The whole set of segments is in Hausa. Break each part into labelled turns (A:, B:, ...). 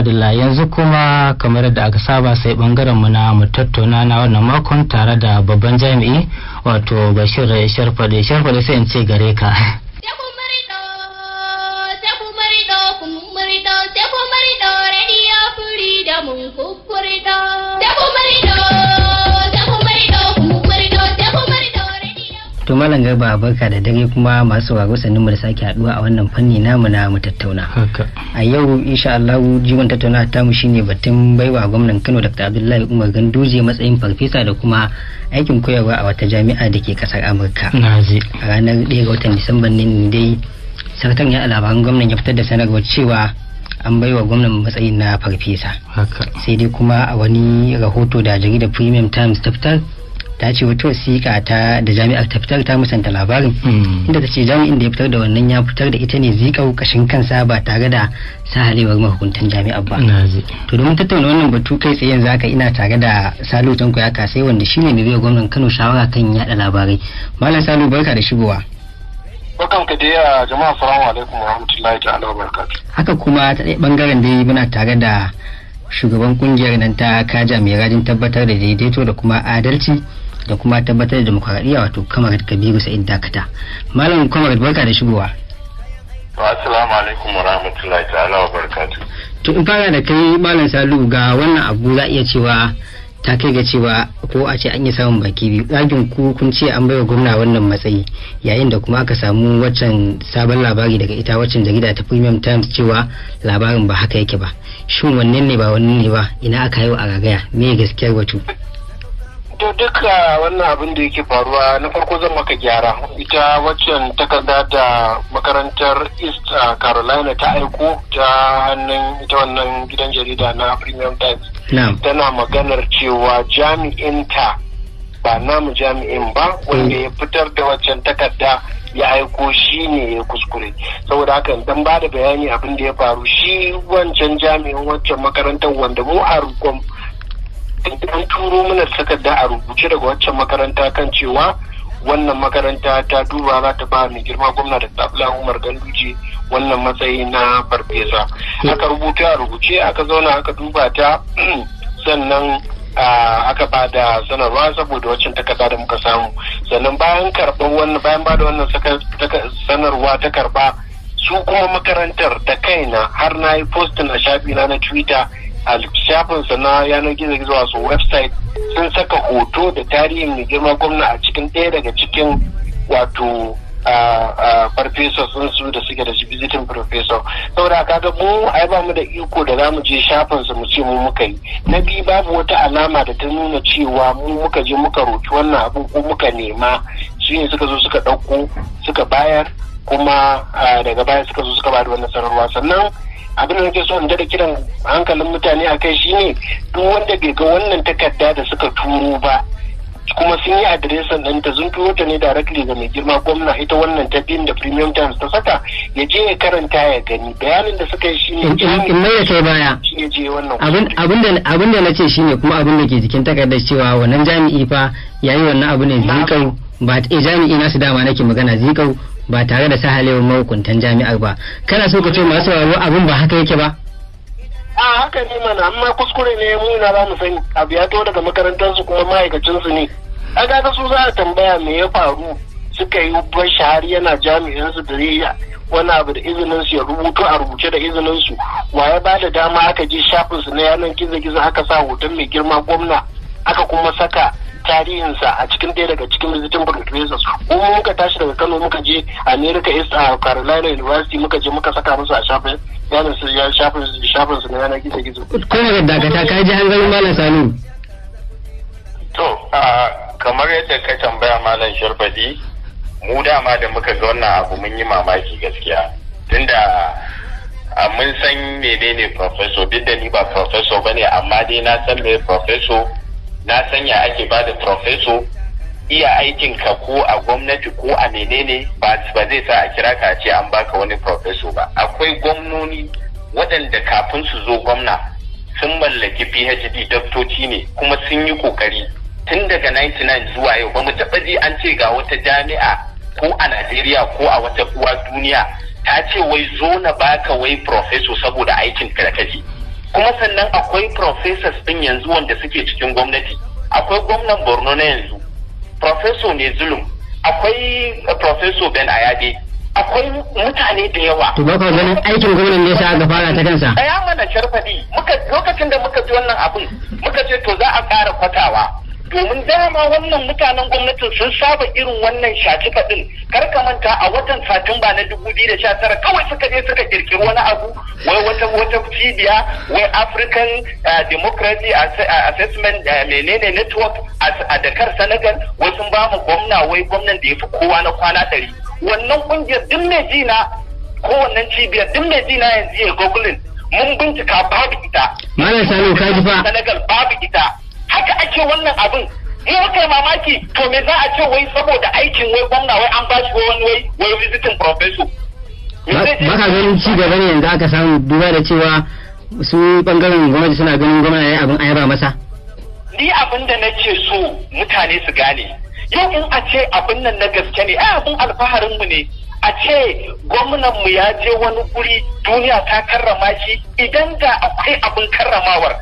A: madalla yanzu kuma kamar da aka saba sai bangaren mu na mu tattauna na wannan makon tare da babban jami'i wato bashir sharfade sharfade sai in ce gare ka
B: Tebo marido, radio free da mun Tebo marido.
A: to malam garba barka da dare kuma masu sauraro sannu mu da sake haduwa a wannan fanni namu na mu tattauna a yau insha Allah jiwon tattauna ta mu shine batun baiwa gwamnan Kano Dr. Abdullahi Umar Ganduje matsayin farfesa da kuma aikin koyarwa a wata jami'a da ke kasar Amurka a ranar 1 ga watan Disamba ne dai sartan ya labaran gwamnan ya fitar da sanarwar cewa an baiwa gwamnan matsayin na farfesa sai dai kuma a wani rahoto da jaridar Premium Times ta fitar ta ce wata wasiƙa ta da jami'ar ta fitar ta musanta labarin mm. inda ta ce jami'in da ya fitar da wannan ya fitar da ita ne zikau kashin kansa ba tare da sahalewar mahukuntan jami'ar ba to domin tattauna wannan batu kai tsaye yanzu haka ina tare da salo tanko ya kasai wanda shine mai biyar gwamnan kano shawara kan yaɗa labarai malam salo barka da shigowa
B: Bakan ka dai ah, jama'a salamu alaikum wa rahmatullahi ta'ala wa barakatuh.
A: Haka kuma ta ɗaya bangaren dai muna tare da shugaban kungiyar nan ta kaja mai rajin tabbatar da daidaito da kuma adalci da kuma tabbatar da demokradiyya wato kamar kabiru sa'id dakata malam kamar barka da shigowa
B: assalamu alaikum wa rahmatullahi ta'ala wa barakatuh
A: to in fara da kai malam salu ga wannan abu za iya cewa ta kai ga cewa ko a ce an yi samun baki biyu ɗakin ku kun ce an baiwa gwamna wannan matsayi yayin da kuma aka samu waccan sabon labari daga ita waccan jarida ta premium times cewa labarin ba haka yake ba shin wannan ne ba wannan ne ba ina aka yi wa a ragaya me gaskiyar batu
B: ita duka wannan abin da yake faruwa na farko zan maka gyara ita waccan takarda da makarantar east uh, carolina ta aiko ta hannun ita wannan gidan jarida na premium times tana maganar cewa jami'in ta. ba namu jami'in ba wanda ya fitar da waccan takarda ya aiko shi ne ya kuskure saboda haka dan ba da bayani abin da ya faru shi wancan jami'in wancan makarantar wanda mu a an turo mana sakadda a rubuce daga waccan makaranta kan cewa wannan makaranta ta duba za ta ba mai girma gwamna da tabla umar ganduje wannan matsayi na farfesa aka rubuta a rubuce aka zauna aka duba ta sannan aka ba da sanarwa saboda waccan takarda da muka samu sannan bayan karɓar wannan bayan ba da wannan sanarwa ta karɓa su kuma makarantar da kaina har na yi postin a shafi na twitter a shafinsa na yanar gizo gizo wasu website sun saka hoto da tarihin mai girma gwamna a cikin ɗaya daga cikin wato farfesa sun su da suke da visiting professor saboda ga mu ai ba mu da iko da zamu je shafin su mu ce mu muka yi na biyu babu wata alama da ta nuna cewa mu muka je muka roki wannan abin ko muka nema su ne suka zo suka ɗauko suka bayar kuma daga baya suka zo suka bada wannan sanarwa sannan abin da nake so in dada kiran hankalin mutane a kai shine duk wanda bai ga wannan takarda da suka turo ba kuma sun yi adiresan ɗin ta turo ta ne directly ga mai girma gwamna ita wannan ta biyun da premium times ta saka ya je ya karanta ya gani bayanin da suka yi shi ne mai ya kai baya
A: abin da na ce shi ne kuma abin da ke jikin takardar cewa wannan jami'i fa yayi wannan abu ne zikau ba eh, jami'i nasu dama nake magana zikau ba tare da sahalewar mahukuntan jami'ar ba kana so ka ce masu sauraro abin ba haka yake ba
B: a haka ne mana amma kuskure ne mu na za mu sani abu ya to daga makarantar su kuma ma'aikacin su ne a ga su za a tambaya me ya faru suka yi ban shahari yana jami'in su da wani abu da izinin su ya rubutu a rubuce da izinin su wa ya ba da dama aka je shafin su na yanar gizo gizo aka sa hoton mai girma gwamna aka kuma saka tarihinsa a cikin ɗaya daga cikin visiting professors kuma muka tashi daga Kano muka je America East Carolina University muka je muka saka musu a shafin yanar su ya
A: shafin shafin su na yanar gizo gizo kuma da dakata kai ji hanzarin malam Sanu
B: to kamar yadda ka tambaya malam Sharbadi mu dama da muka ga wannan abu mun yi mamaki gaskiya tunda mun san menene professor duk da ni ba professor ne amma dai na san me professor na sanya ake ba da profeso iya aikin ka ko a gwamnati ko a menene ba ba zai sa a kira ka ce an baka wani profeso ba akwai gwamnoni waɗanda kafin su zo gwamna sun mallaki PhD daktoci ne kuma sun yi kokari tun daga 99 zuwa yau ba mu taɓa ji an ce ga wata jami'a ko a Najeriya ko a wata uwa duniya ta ce wai zo na baka wai profeso saboda aikin kake kuma sannan akwai professors din yanzu wanda suke cikin gwamnati akwai gwamnan borno na yanzu professor ne zulum akwai uh, professor ben ayade akwai mutane da yawa. To ba ganin aikin gwamnan ne sa aka fara ta kansa. Ɗaya mana muka lokacin da muka ji wannan abin muka ce to za a ƙara kwatawa domin dama wannan mutanen gwamnatin sun saba irin wannan shaci faɗin kar ka manta a watan satumba na dubu biyu da sha tara kawai suka je suka kirkiri wani abu wai wata wata cibiya wai african eh, democracy eh, assessment eh, menene network a dakar senegal wai sun ba mu gwamna wai gwamnan da ya fi kowa na kwana ɗari wannan ƙungiyar duk mai jina ko wannan cibiyar duk mai jina yanzu ya gogulin mun bincika babu ita.
A: Mana Salo ka ji
B: fa. Senegal babu ita. haka ake wannan abin in kai mamaki to me za a ce wai saboda aikin wai gwamna wai an bashi wani wai wai visiting professor
A: ka ganin ci gaba ne yanzu aka samu duba da cewa su
B: bangaren gwamnati suna ganin gwamna ya abin ayaba masa ni abin da nake so mutane su gane yau in a ce abin nan na gaske ne ai abin alfaharin mu ne a ce gwamnan mu ya je wani guri duniya ta karrama shi idan da akwai abin karramawar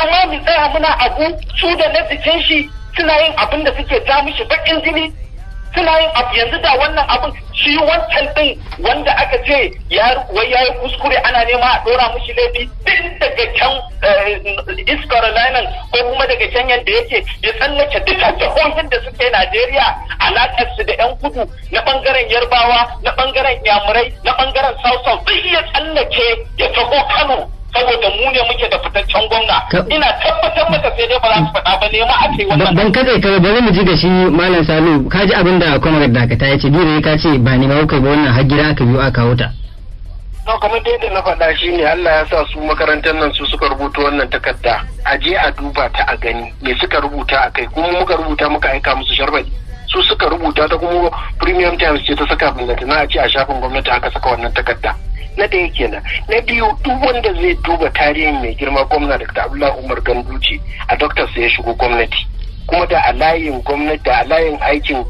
B: amma mu tsaya muna abu su da na jikin shi suna yin abin da suke ja mishi bakin jini suna yin abu yanzu da wannan abin shi wancan din wanda aka ce ya wai yayi kuskure ana nema a dora mishi laifi din daga can eh, East Carolina ko kuma daga can yadda yake ya tsallake duka jihohin da suke Najeriya alakar su da yan kudu na bangaren Yarbawa na bangaren Yamurai na bangaren South South duk ya tsallake ya taho Kano saboda mu ne muke da fitaccen gwamna ina tabbatar maka sai dai ba za su faɗa ba ne ma ake wannan ban
A: kada ka ba mu ji ga shi malam Salu ka ji abin da kwamar dakata ya ce dole ka ce ba ni ba kai ba wannan har gida aka biyo aka wuta
B: ta to kamar dai da na faɗa shi ne Allah ya sa su makarantar nan su suka rubuta wannan takarda a je a duba ta a gani me suka rubuta a kai kuma muka rubuta muka aika musu sharbadi su suka rubuta ta kuma premium times ce ta saka bulletin na a ce a shafin gwamnati aka saka wannan takarda na ɗaya kenan na biyu duk wanda zai duba tarihin mai girma gwamna da abdullahi umar ganduci a doctor ya shigo gwamnati kuma da a layin gwamnati da a aikin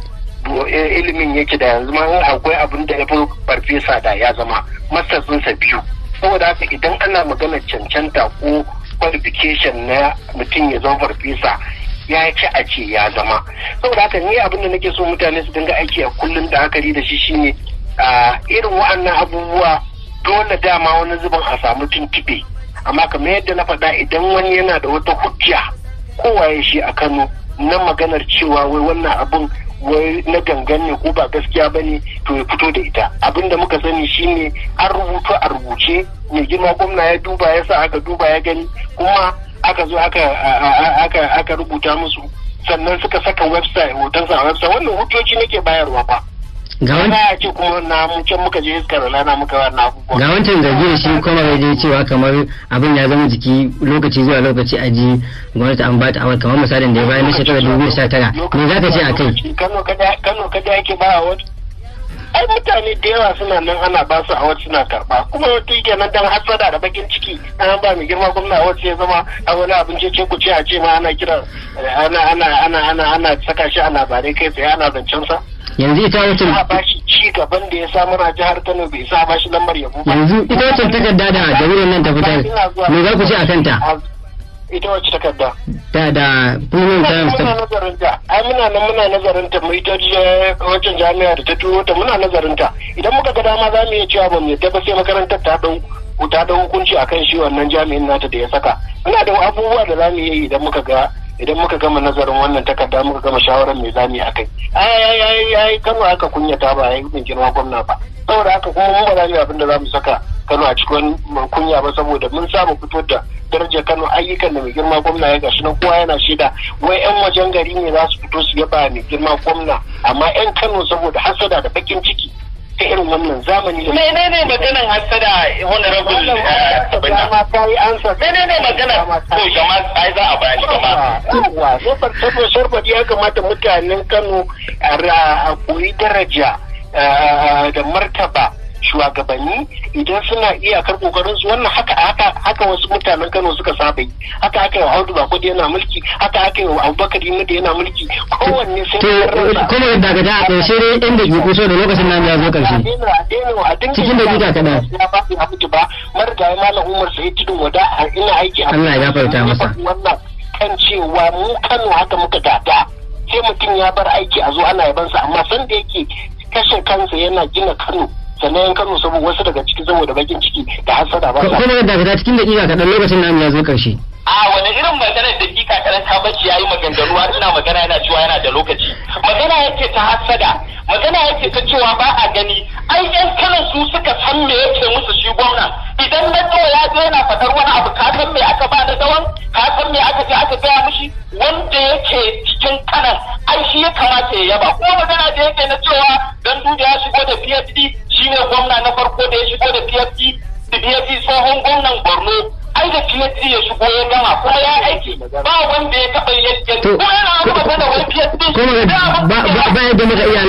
B: eh, ilimin yake da yanzu ma akwai abin da ya fi farfesa da ya zama masasinsa biyu saboda haka idan ana magana cancanta ko qualification na mutum ya zama farfesa ya ci a ce ya zama saboda haka ni abin da nake so mutane su dinga aiki a kullum da hakari da shi shine ah, irin wa'annan abubuwa dole dama wani zubin a samu tuntube amma kamar yadda na faɗa idan wani yana da wata hujja kowaye shi a kano na maganar cewa wai wannan abun wai na gangan ne ko ba gaskiya ba ne to ya fito da ita abin da muka sani shine an rubutu a rubuce mai girma gwamna ya duba ya sa aka duba ya gani kuma aka zo aka rubuta musu sannan suka saka website sa a website wannan hujjoji nake bayarwa ba ga wani ce kuma na can muka je iskar lana muka na
A: abubuwa ga wancan zargi da shi kuma bai dai cewa kamar abin ya zama jiki lokaci zuwa lokaci a ji gwamnati an ba ta awar kamar misalin da ya bayar na shekarar tara me za ka ce a kai
B: kano kada kano yake ba wani ai mutane da yawa suna nan ana ba su awar suna karba kuma wata yake nan dan hasada da bakin ciki an ba mai girma gwamna awar ya zama a wani abin ce ku ce a ce ma ana kira ana ana ana ana ana saka shi a labarai kai tsaye ana zancen sa
A: yanzu ita wacin ba
B: shi ci gaban da ya samar a jihar Kano bai sa ba shi lambar yabo ba yanzu ita wacce takarda da jami'in nan ta fitar me za ku ce a kanta ita wacce takarda da da burin ta muna nazarin ta ai muna nan muna nazarin ta mu ita wacce jami'a da ta turo ta muna nazarin ta idan muka ga dama za mu iya cewa ba mu yadda ba sai makarantar ta dau ta dau hukunci akan shi wannan jami'in nata da ya saka muna da abubuwa da za mu yi idan muka ga idan muka gama nazarin wannan takarda muka gama shawarar mai zami a kai ai kano aka kunyata ba yayi bin girma gwamna ba saboda aka kuma mun ba abin da za mu saka kano a cikin kunya ba saboda mun samu fito da darajar kano ayyukan da mai girma gwamna ya gashi na kowa yana shaida wai yan wajen gari ne za su fito su yaba mai girma gwamna amma yan kano saboda hasada da bakin ciki wannan zamani ne ne ne maganan hasada honorable eh, sabina ma ta yi ansa ne ne ne magana to jama'a ai za a bani kama so far farfasar bari ya kamata mutanen Kano a koyi daraja eh, da martaba shugabanni idan suna iyakar kokarin su wannan haka haka haka wasu mutanen Kano suka saba yi haka aka yau Audu Bako da yana mulki haka aka yau Abubakar Yimi da yana mulki kowanne sai to eh, kuma da ga da ƙarshe dai inda ke kuso da lokacin nan ya zo ƙarshe cikin da kika kada ya ba ya mutu ba marigayi malam Umar sai tudun wada ina aiki a Allah ya ta masa wannan kan cewa mu Kano haka muka gada sai mutum ya bar aiki a zo ana yabansa amma san da yake kashe kansa yana gina Kano sannan yan kano saboda wasu daga ciki saboda bakin ciki da hasada ba sa kuma
A: da daga cikin dakika kaɗan lokacin namu ya zo karshe.
B: a wani irin maganar dakika kaɗan ta bace yayi maganganu har ina magana yana cewa yana da lokaci magana yake ta hasada magana yake ta cewa ba a gani ai yan kano su suka san me yake musu shi gwamna idan na to ya zo yana fadar wani abu ka san me aka ba da dawan ka san me aka ce aka gaya mushi wanda yake cikin kanan ai shi ya kamata ya yaba ko magana da yake na cewa dan duda ya shigo da PhD shine gwamna na farko da ya shigo da PFT da PFT tsohon gwamnan Borno ai da PFT ya shigo ya gama kuma ya aiki ba wanda ya taɓa yadda ko yana da ba muka iya lokacin namun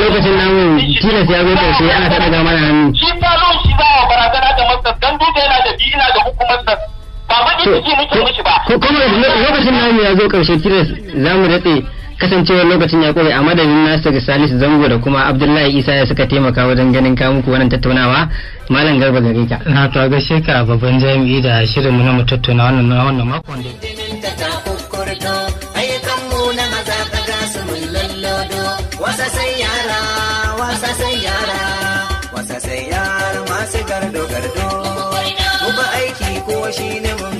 A: tilas ya zo sai ana ta daga mana hannu
B: shi ta zo shi ba wa barazana da masar dan duka yana da biyu da hukumar ba ba ki muke mishi ba kuma
A: lokacin namu ya zo karshe tilas za mu daɗe kasancewar lokacin ya kore a madadin nasir salisu zango da kuma abdullahi isa ya suka taimaka wajen ganin kamuku muku wannan tattaunawa malam garba gare ka na to gaishe babban jami'i da shirin mu na mu tattauna wannan wannan makon da shi mun